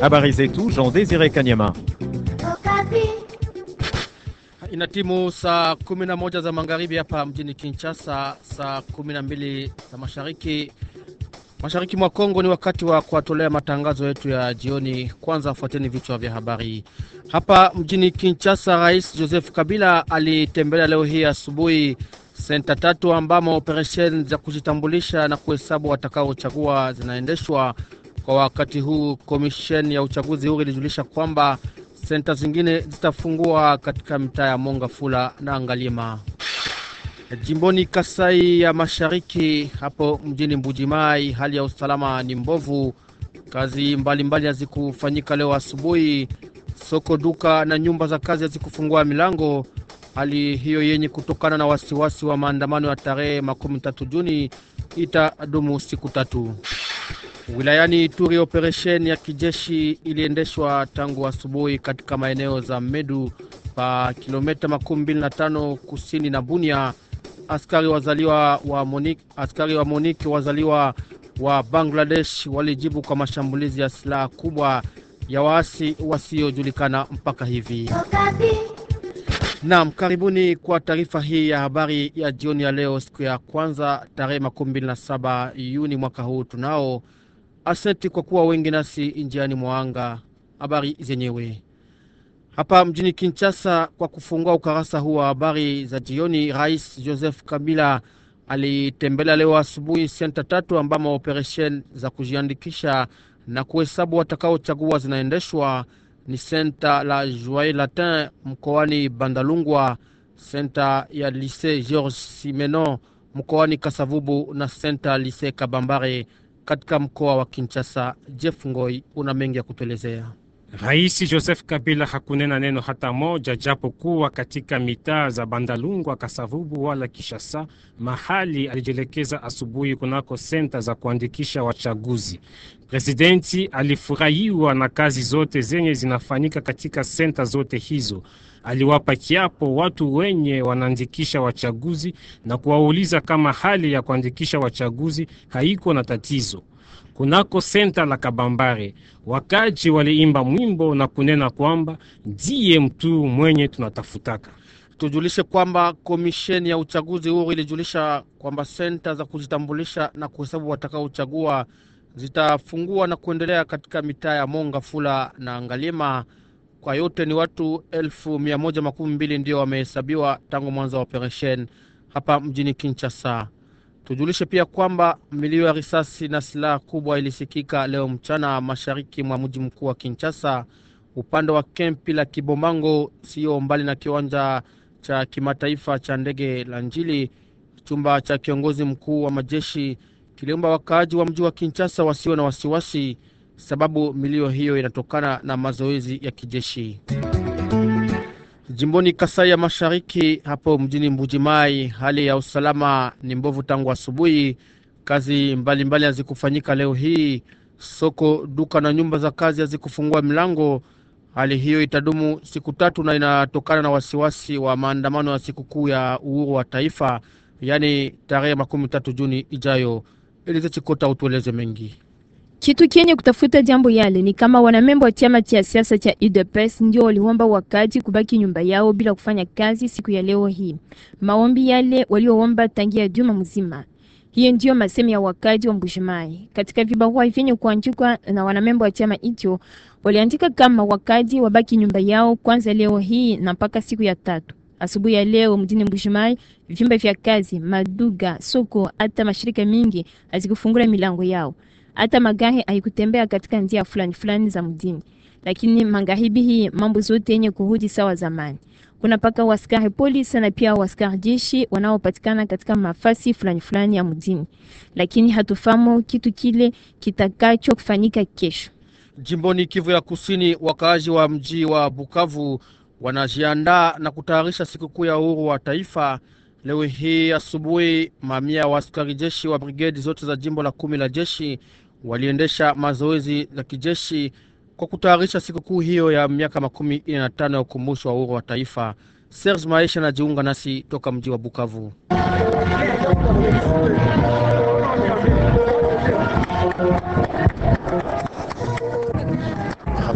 Habari zetu Jean Desire Kanyama. Inatimu saa 11 za magharibi hapa mjini Kinshasa, saa 12 za mashariki mashariki mwa Kongo. Ni wakati wa kuwatolea matangazo yetu ya jioni. Kwanza fuateni vichwa vya habari. Hapa mjini Kinshasa, Rais Joseph Kabila alitembelea leo hii asubuhi senta tatu ambamo operesheni za kujitambulisha na kuhesabu watakaochagua zinaendeshwa. Kwa wakati huu, komisheni ya uchaguzi huu ilijulisha kwamba senta zingine zitafungua katika mitaa ya Mongafula na Ngalima jimboni Kasai ya Mashariki. Hapo mjini Mbujimai, hali ya usalama ni mbovu. Kazi mbalimbali hazikufanyika leo asubuhi. Soko, duka na nyumba za kazi hazikufungua milango. Hali hiyo yenye kutokana na wasiwasi wa maandamano ya tarehe makumi tatu Juni itadumu siku tatu. Wilayani Ituri, operesheni ya kijeshi iliendeshwa tangu asubuhi katika maeneo za Medu pa kilomita 25 tano kusini na Bunia. Askari wazaliwa wa Monik, askari wa Monik wazaliwa wa Bangladesh walijibu kwa mashambulizi ya silaha kubwa ya waasi wasiojulikana mpaka hivi. Naam, karibuni kwa taarifa hii ya habari ya jioni ya leo, siku ya kwanza tarehe 27 Juni Yuni mwaka huu tunao Asante kwa kuwa wengi nasi njiani mwaanga. Habari zenyewe hapa mjini Kinshasa, kwa kufungua ukarasa huu wa habari za jioni, Rais Joseph Kabila alitembelea leo asubuhi senta tatu ambamo operesheni za kujiandikisha na kuhesabu watakaochagua zinaendeshwa ni senta la Joie Latin mkoani Bandalungwa, senta ya Lycee george Simenon mkoani Kasavubu na senta Lycee Kabambare katika mkoa wa Kinshasa. Jeff Ngoi una mengi ya kutuelezea. Rais Joseph Kabila hakunena neno hata moja, japo kuwa katika mitaa za Bandalungwa, Kasavubu wala Kishasa, mahali alijielekeza asubuhi kunako senta za kuandikisha wachaguzi. Presidenti alifurahiwa na kazi zote zenye zinafanyika katika senta zote hizo. Aliwapa kiapo watu wenye wanaandikisha wachaguzi na kuwauliza kama hali ya kuandikisha wachaguzi haiko na tatizo kunako senta la Kabambare. Wakaji waliimba mwimbo na kunena kwamba ndiye mtu mwenye tunatafutaka. Tujulishe kwamba komisheni ya uchaguzi huo ilijulisha kwamba senta za kujitambulisha na kuhesabu watakaochagua zitafungua na kuendelea katika mitaa ya Monga, Fula na Ngalima. Kwa yote ni watu elfu mia moja makumi mbili ndio wamehesabiwa tangu mwanzo wa operesheni hapa mjini Kinshasa. Tujulishe pia kwamba milio ya risasi na silaha kubwa ilisikika leo mchana mashariki mwa mji mkuu wa Kinshasa, upande wa kempi la Kibomango, sio mbali na kiwanja cha kimataifa cha ndege la Njili. Chumba cha kiongozi mkuu wa majeshi kiliomba wakaaji wa mji wa Kinshasa wasiwe na wasiwasi, sababu milio hiyo inatokana na mazoezi ya kijeshi. Jimboni Kasai ya Mashariki, hapo mjini Mbujimai, hali ya usalama ni mbovu tangu asubuhi. Kazi mbalimbali hazikufanyika mbali leo hii. Soko, duka na nyumba za kazi hazikufungua milango. Hali hiyo itadumu siku tatu na inatokana na wasiwasi wa maandamano ya sikukuu ya uhuru wa taifa, yaani tarehe makumi tatu Juni ijayo. Elize Chikota, utueleze mengi kitu kienye kutafuta jambo yale ni kama wanamembo wa chama cha siasa cha UDPS ndio waliomba wakati kubaki nyumba yao bila kufanya kazi siku ya leo hii, maombi yale walioomba tangia juma mzima. Hiyo ndiyo masemi ya wakaaji wa Mbujimayi. Katika vibarua vyenye kuandikwa na wanamembo wa chama hicho, waliandika kama wakaaji wabaki nyumba yao kwanza leo hii na mpaka siku ya tatu. Asubuhi ya leo mjini Mbujimayi, vyumba vya kazi, maduga, soko, hata mashirika mingi hazikufungula milango yao hata magari haikutembea katika njia fulani fulani za mjini. Lakini magharibi hii mambo zote yenye kurudi sawa zamani. Kuna paka waskari polisi na pia waskari jeshi wanaopatikana katika mafasi fulani fulani ya mjini, lakini hatufahamu kitu kile kitakacho kufanyika kesho. Jimboni Kivu ya Kusini, wakaaji wa mji wa Bukavu wanajiandaa na kutayarisha sikukuu ya uhuru wa taifa. Leo hii asubuhi, mamia wa askari jeshi wa brigedi zote za jimbo la kumi la jeshi waliendesha mazoezi za kijeshi kwa kutayarisha sikukuu hiyo ya miaka makumi ine na tano ya ukumbusho wa uhuru wa taifa. Serge Maisha anajiunga nasi toka mji wa Bukavu.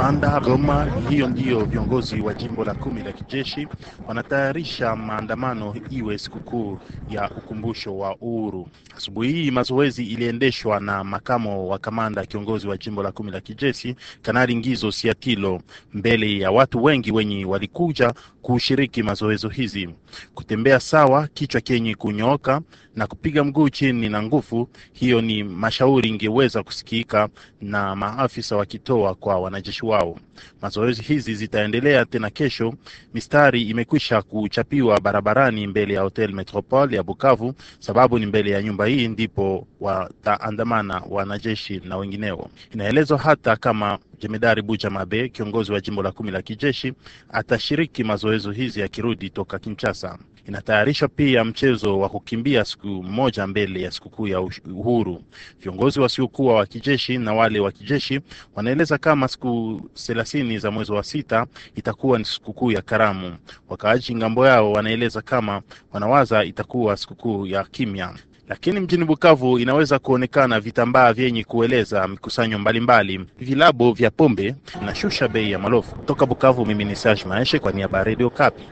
Mpanda Goma. Hiyo ndiyo viongozi wa jimbo la kumi la kijeshi wanatayarisha maandamano iwe sikukuu ya ukumbusho wa uhuru. Asubuhi hii mazoezi iliendeshwa na makamo wa kamanda kiongozi wa jimbo la kumi la kijeshi Kanali Ngizo Siatilo mbele ya watu wengi wenye walikuja kushiriki mazoezo hizi: kutembea sawa, kichwa kenye kunyooka na kupiga mguu chini na nguvu. Hiyo ni mashauri ingeweza kusikika na maafisa wakitoa kwa wanajeshi wao. Mazoezi hizi zitaendelea tena kesho. Mistari imekwisha kuchapiwa barabarani mbele ya Hotel Metropole ya Bukavu, sababu ni mbele ya nyumba hii ndipo wataandamana wanajeshi na wengineo. Inaelezwa hata kama Jemedari Bucha Mabe, kiongozi wa jimbo la kumi la kijeshi, atashiriki mazoezo hizi akirudi toka Kinshasa. Inatayarishwa pia mchezo wa kukimbia siku moja mbele ya sikukuu ya uhuru. Viongozi wasiokuwa wa kijeshi na wale wa kijeshi wanaeleza kama siku thelathini za mwezi wa sita itakuwa ni sikukuu ya karamu. Wakaaji ngambo yao wanaeleza kama wanawaza itakuwa sikukuu ya kimya. Lakini mjini Bukavu inaweza kuonekana vitambaa vyenye kueleza mikusanyo mbalimbali, vilabo vya pombe na shusha bei ya malofu. Toka Bukavu, mimi ni Serge Maeshe kwa niaba ya Radio Kapi.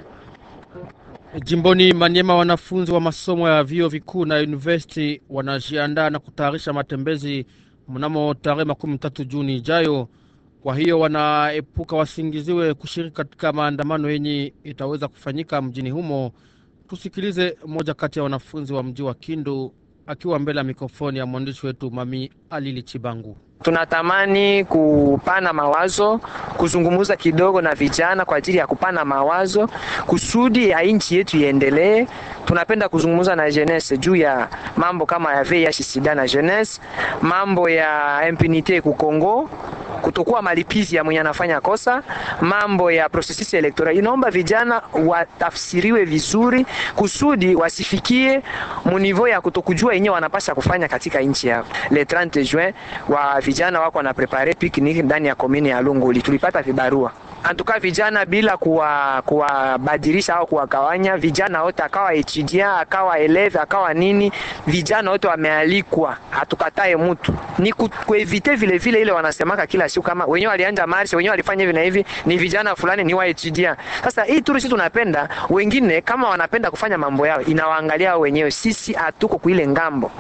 Jimboni Manyema, wanafunzi wa masomo ya vyuo vikuu na university wanajiandaa na kutayarisha matembezi mnamo tarehe makumi tatu Juni ijayo. Kwa hiyo wanaepuka wasingiziwe kushiriki katika maandamano yenye itaweza kufanyika mjini humo Tusikilize mmoja kati ya wanafunzi wa mji wa Kindu akiwa mbele ya mikrofoni ya mwandishi wetu Mami Alili Chibangu. Tunatamani kupana mawazo, kuzungumza kidogo na vijana kwa ajili ya kupana mawazo kusudi ya nchi yetu iendelee. Tunapenda kuzungumza na jeunesse juu ya mambo kama ya VIH, SIDA na jeunesse, mambo ya impunite ku Kongo kutokuwa malipizi ya mwenye anafanya kosa, mambo ya prosesisi elektoral. Inaomba vijana watafsiriwe vizuri kusudi wasifikie munivo ya kutokujua yenyewe wanapasha kufanya katika nchi yao. Le 30 juin wa vijana wako na prepare picnic ndani ya komini ya Lunguli, tulipata vibarua antuka vijana bila kuwabadilisha kuwa au kuwagawanya vijana wote, akawa etudiant akawa eleve akawa nini, vijana wote wamealikwa, hatukatae mtu. Ni kuevite vile vile ile wanasemaka kila siku kama wenyewe walianja marsi wenyewe walifanya hivi na hivi, ni vijana fulani ni wa etudiant. Sasa hii tu sisi tunapenda wengine, kama wanapenda kufanya mambo yao, inawaangalia wao wenyewe, sisi hatuko kuile ngambo.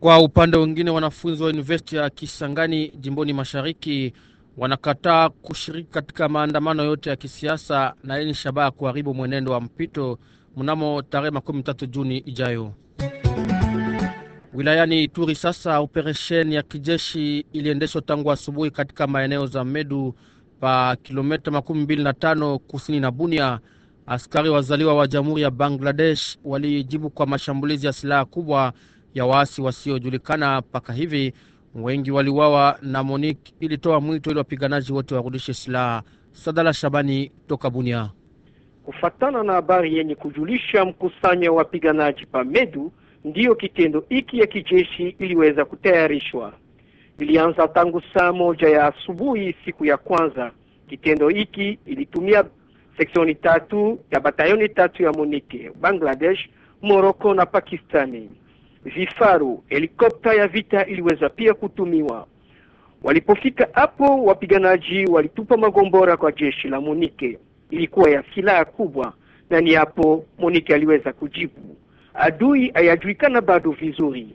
Kwa upande wengine, wanafunzi wa university ya Kisangani jimboni mashariki wanakataa kushiriki katika maandamano yote ya kisiasa na yenye shabaha kuharibu mwenendo wa mpito mnamo tarehe makumi tatu Juni ijayo. Wilayani Ituri sasa, operesheni ya kijeshi iliendeshwa tangu asubuhi katika maeneo za Medu pa kilometa makumi mbili na tano kusini na Bunia. Askari wazaliwa wa jamhuri ya Bangladesh walijibu kwa mashambulizi ya silaha kubwa ya waasi wasiojulikana mpaka hivi wengi waliwawa na Monik ilitoa mwito ili wapiganaji wote warudishe silaha. Sadala Shabani toka Bunia. Kufatana na habari yenye kujulisha mkusanyo wa wapiganaji Pamedu, ndiyo kitendo hiki ya kijeshi iliweza kutayarishwa. Ilianza tangu saa moja ya asubuhi siku ya kwanza. Kitendo hiki ilitumia seksioni tatu ya batayoni tatu ya Monike, Bangladesh, Moroko na Pakistani vifaru, helikopta ya vita iliweza pia kutumiwa. Walipofika hapo, wapiganaji walitupa magombora kwa jeshi la Monike, ilikuwa ya silaha kubwa, na ni hapo Monike aliweza kujibu. Adui hayajulikana bado vizuri.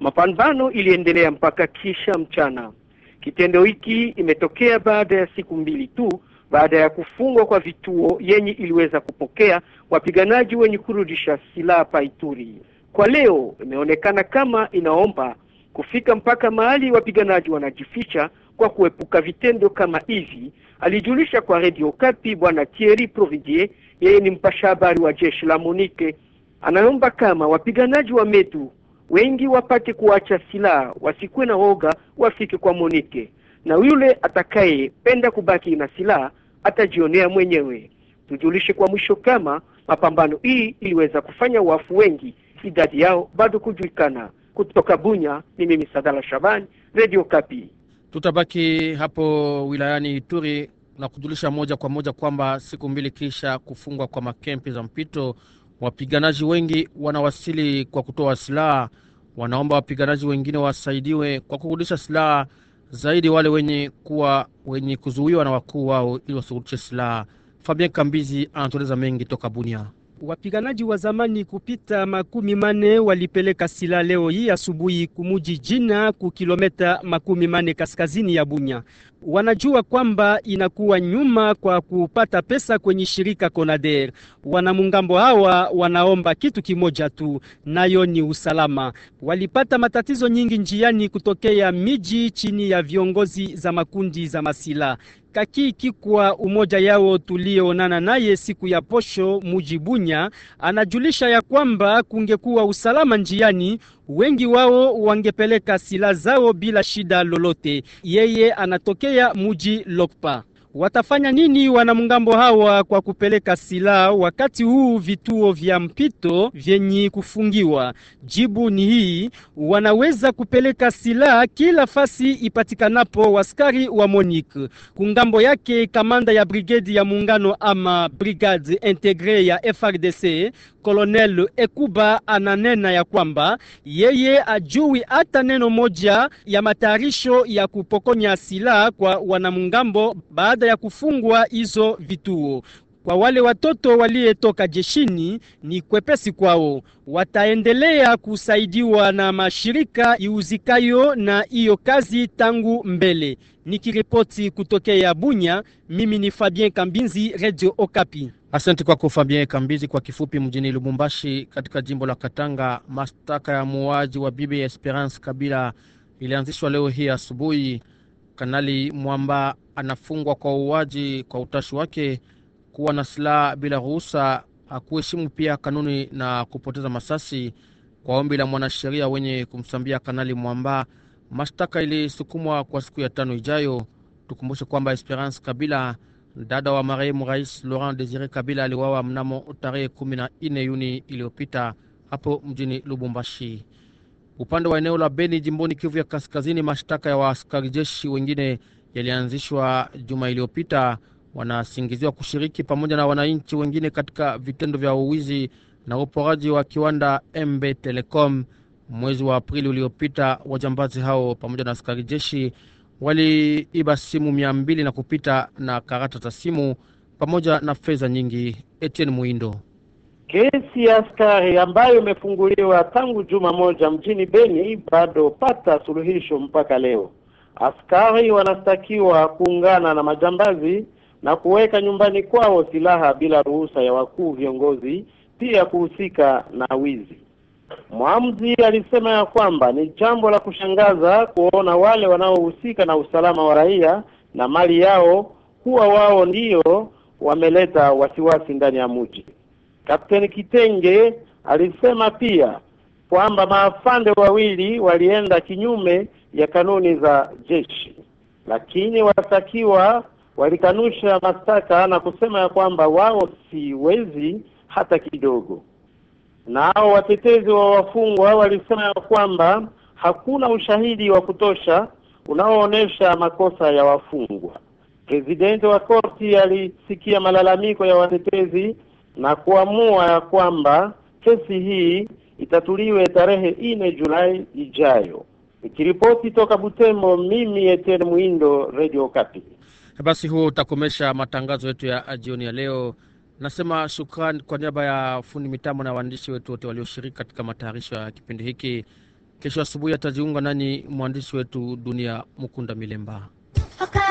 Mapambano iliendelea mpaka kisha mchana. Kitendo hiki imetokea baada ya siku mbili tu baada ya kufungwa kwa vituo yenye iliweza kupokea wapiganaji wenye kurudisha silaha paituri kwa leo imeonekana kama inaomba kufika mpaka mahali wapiganaji wanajificha kwa kuepuka vitendo kama hivi, alijulisha kwa Radio Kapi bwana Thierry Providier, yeye ni mpasha habari wa jeshi la Monike. Anaomba kama wapiganaji wa metu wengi wapate kuacha silaha, wasikuwe na hoga, wafike kwa Monike, na yule atakayependa kubaki na silaha atajionea mwenyewe. Tujulishe kwa mwisho kama mapambano hii iliweza kufanya wafu wengi idadi yao bado kujulikana. Kutoka Bunya ni mimi Sadala Shabani, Radio Kapi. Tutabaki hapo wilayani Ituri na kujulisha moja kwa moja kwamba siku mbili kisha kufungwa kwa makempi za mpito, wapiganaji wengi wanawasili kwa kutoa silaha. Wanaomba wapiganaji wengine wasaidiwe kwa kurudisha silaha, zaidi wale wenye kuwa wenye kuzuiwa na wakuu wao ili wasikurudishe silaha. Fabien Kambizi anatueleza mengi toka Bunia. Wapiganaji wa zamani kupita makumi mane walipeleka silaha leo hii asubuhi kumuji Jina ku kilometa makumi mane kaskazini ya Bunya. Wanajua kwamba inakuwa nyuma kwa kupata pesa kwenye shirika Konader. Wanamungambo hawa wanaomba kitu kimoja tu, nayo ni usalama. Walipata matatizo nyingi njiani kutokea miji chini ya viongozi za makundi za masila Kakiki kwa umoja yao tulioonana naye siku ya posho Mujibunya anajulisha ya kwamba kungekuwa usalama njiani, wengi wao wangepeleka silaha zao bila shida lolote. Yeye anatokea muji Lokpa. Watafanya nini wanamgambo hawa kwa kupeleka silaha wakati huu vituo vya mpito vyenye kufungiwa? Jibu ni hii, wanaweza kupeleka silaha kila fasi ipatikanapo waskari wa MONUC. Kungambo yake kamanda ya brigedi ya muungano ama brigade integre ya FRDC Colonel Ekuba ananena ya kwamba yeye ajui hata neno moja ya matayarisho ya kupokonya silaha kwa wanamgambo baada baada ya kufungwa hizo vituo. Kwa wale watoto waliyetoka jeshini ni kwepesi kwao, wataendelea kusaidiwa na mashirika iuzikayo na hiyo kazi tangu mbele. Nikiripoti kutokea Bunya, mimi ni Fabien Kambinzi, Radio Okapi. Asante kwako Fabien Kambizi. Kwa kifupi, mjini Lubumbashi katika jimbo la Katanga, mashtaka ya muuaji wa bibi Esperance Kabila ilianzishwa leo hii asubuhi. Kanali Mwamba anafungwa kwa uuaji kwa utashi wake kuwa na silaha bila ruhusa, hakuheshimu pia kanuni na kupoteza masasi. Kwa ombi la mwanasheria wenye kumsambia Kanali Mwamba, mashtaka ilisukumwa kwa siku ya tano ijayo. Tukumbushe kwamba Esperance Kabila, dada wa marehemu Rais Laurent Desire Kabila, aliwawa mnamo tarehe nne Yuni iliyopita hapo mjini Lubumbashi. Upande wa eneo la Beni, jimboni Kivu ya Kaskazini, mashtaka ya waaskari jeshi wengine yalianzishwa juma iliyopita wanasingiziwa kushiriki pamoja na wananchi wengine katika vitendo vya uwizi na uporaji wa kiwanda MB Telecom. Mwezi wa Aprili uliopita, wajambazi hao pamoja na askari jeshi waliiba simu mia mbili na kupita na karata za simu pamoja na fedha nyingi. Etienne Muindo. Kesi ya askari ambayo imefunguliwa tangu juma moja mjini Beni bado pata suluhisho mpaka leo. Askari wanastakiwa kuungana na majambazi na kuweka nyumbani kwao silaha bila ruhusa ya wakuu viongozi, pia kuhusika na wizi. mwamzi alisema ya kwamba ni jambo la kushangaza kuona wale wanaohusika na usalama wa raia na mali yao kuwa wao ndiyo wameleta wasiwasi ndani ya mji. Kapteni Kitenge alisema pia kwamba maafande wawili walienda kinyume ya kanuni za jeshi, lakini watakiwa walikanusha mashtaka na kusema ya kwamba wao si wezi hata kidogo. Nao watetezi wa wafungwa walisema ya kwamba hakuna ushahidi wa kutosha unaoonyesha makosa ya wafungwa. Presidenti wa korti alisikia malalamiko ya watetezi na kuamua ya kwamba kesi hii itatuliwe tarehe nne Julai ijayo. Nikiripoti toka Butembo, mimi Etienne Mwindo, Radio Kapi. E basi huo utakomesha matangazo yetu ya jioni ya leo. Nasema shukrani kwa niaba ya fundi mitambo na waandishi wetu wote walioshiriki katika matayarisho ya kipindi hiki. Kesho asubuhi atajiunga nani mwandishi wetu Dunia Mukunda Milemba. Okay.